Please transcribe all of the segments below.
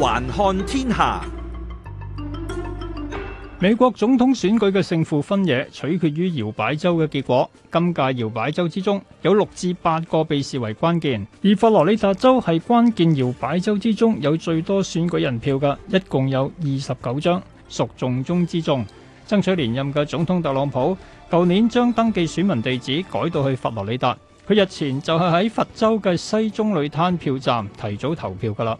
環看天下，美國總統選舉嘅勝負分野取決於搖擺州嘅結果。今屆搖擺州之中有六至八個被視為關鍵，而佛羅里達州係關鍵搖擺州之中有最多選舉人票嘅，一共有二十九張，屬重中之重。爭取連任嘅總統特朗普，舊年將登記選民地址改到去佛羅里達，佢日前就係喺佛州嘅西棕櫚灘票站提早投票噶啦。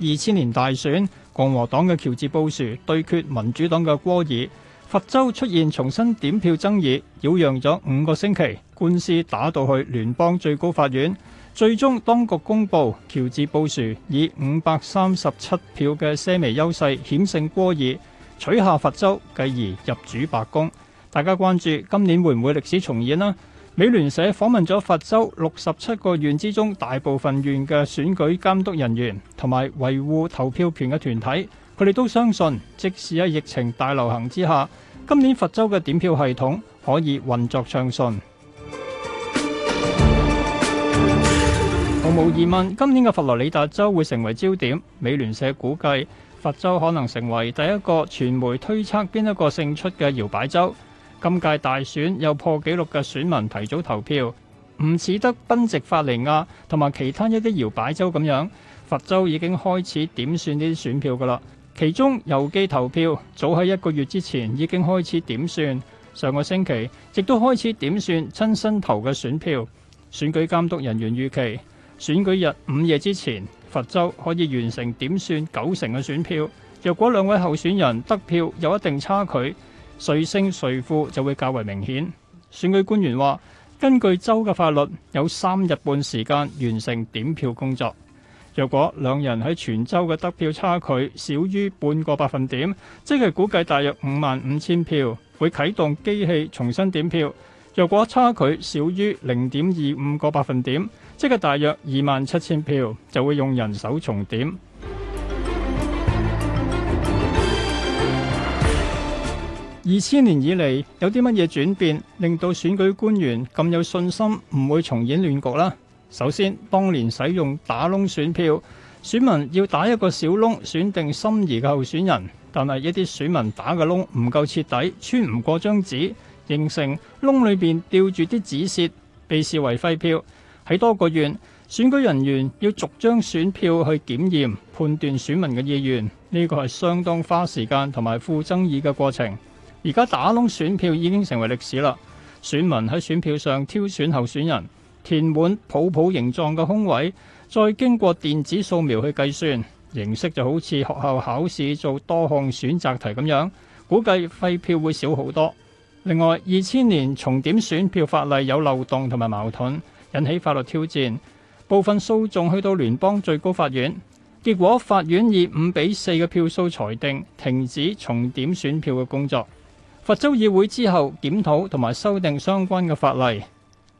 二千年大選，共和黨嘅喬治布殊對決民主黨嘅戈爾，佛州出現重新點票爭議，擾攘咗五個星期，官司打到去聯邦最高法院，最終當局公布，喬治布殊以五百三十七票嘅些微優勢險勝戈爾，取下佛州，繼而入主白宮。大家關注今年會唔會歷史重演呢？美聯社訪問咗佛州六十七個縣之中大部分縣嘅選舉監督人員同埋維護投票權嘅團體，佢哋都相信，即使喺疫情大流行之下，今年佛州嘅點票系統可以運作暢順。毫無疑問，今年嘅佛羅里達州會成為焦點。美聯社估計，佛州可能成為第一個傳媒推測邊一個勝出嘅搖擺州。今屆大選有破紀錄嘅選民提早投票，唔似得賓夕法尼亞同埋其他一啲搖擺州咁樣，佛州已經開始點算呢啲選票㗎喇。其中郵寄投票早喺一個月之前已經開始點算，上個星期亦都開始點算親身投嘅選票。選舉監督人員預期選舉日午夜之前，佛州可以完成點算九成嘅選票。若果兩位候選人得票有一定差距，誰勝誰負就會較為明顯。選舉官員話：根據州嘅法律，有三日半時間完成點票工作。若果兩人喺全州嘅得票差距少於半個百分點，即係估計大約五萬五千票會啟動機器重新點票；若果差距少於零點二五個百分點，即係大約二萬七千票就會用人手重點。二千年以嚟有啲乜嘢轉變，令到選舉官員咁有信心唔會重演亂局啦。首先，當年使用打窿選票，選民要打一個小窿選定心儀嘅候選人，但係一啲選民打嘅窿唔夠徹底，穿唔過張紙，形成窿裏邊吊住啲紙屑，被視為廢票。喺多個縣，選舉人員要逐張選票去檢驗，判斷選民嘅意願，呢個係相當花時間同埋負爭議嘅過程。而家打窿選票已經成為歷史啦！選民喺選票上挑選候選人，填滿泡泡形狀嘅空位，再經過電子掃描去計算，形式就好似學校考試做多項選擇題咁樣。估計廢票會少好多。另外，二千年重點選票法例有漏洞同埋矛盾，引起法律挑戰，部分訴訟去到聯邦最高法院，結果法院以五比四嘅票數裁定停止重點選票嘅工作。佛州議會之後檢討同埋修訂相關嘅法例。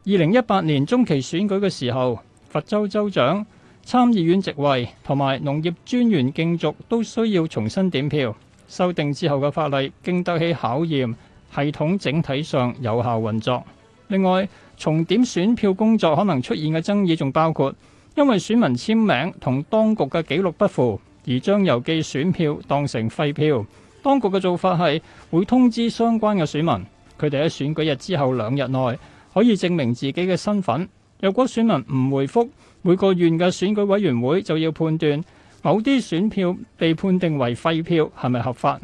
二零一八年中期選舉嘅時候，佛州州長、參議院席位同埋農業專員競逐都需要重新點票。修訂之後嘅法例經得起考驗，系統整體上有效運作。另外，重點選票工作可能出現嘅爭議，仲包括因爲選民簽名同當局嘅紀錄不符，而將郵寄選票當成廢票。當局嘅做法係會通知相關嘅選民，佢哋喺選舉日之後兩日內可以證明自己嘅身份。若果選民唔回覆，每個縣嘅選舉委員會就要判斷某啲選票被判定為廢票係咪合法。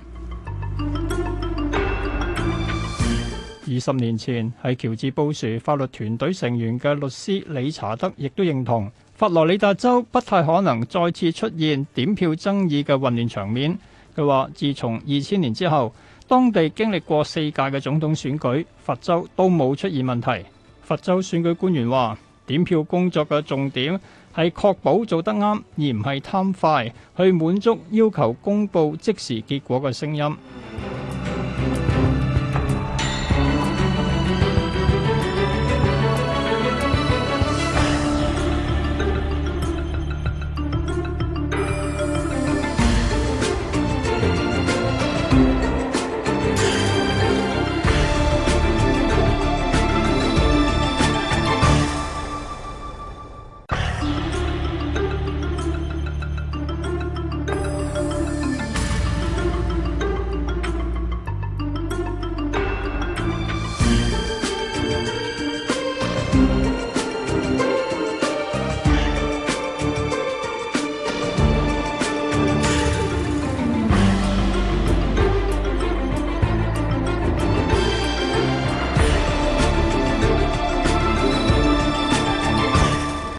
二十 年前喺喬治布殊法律團隊成員嘅律師理查德亦都認同，佛羅里達州不太可能再次出現點票爭議嘅混亂場面。佢話：自從二千年之後，當地經歷過四屆嘅總統選舉，佛州都冇出現問題。佛州選舉官員話：點票工作嘅重點係確保做得啱，而唔係貪快去滿足要求公佈即時結果嘅聲音。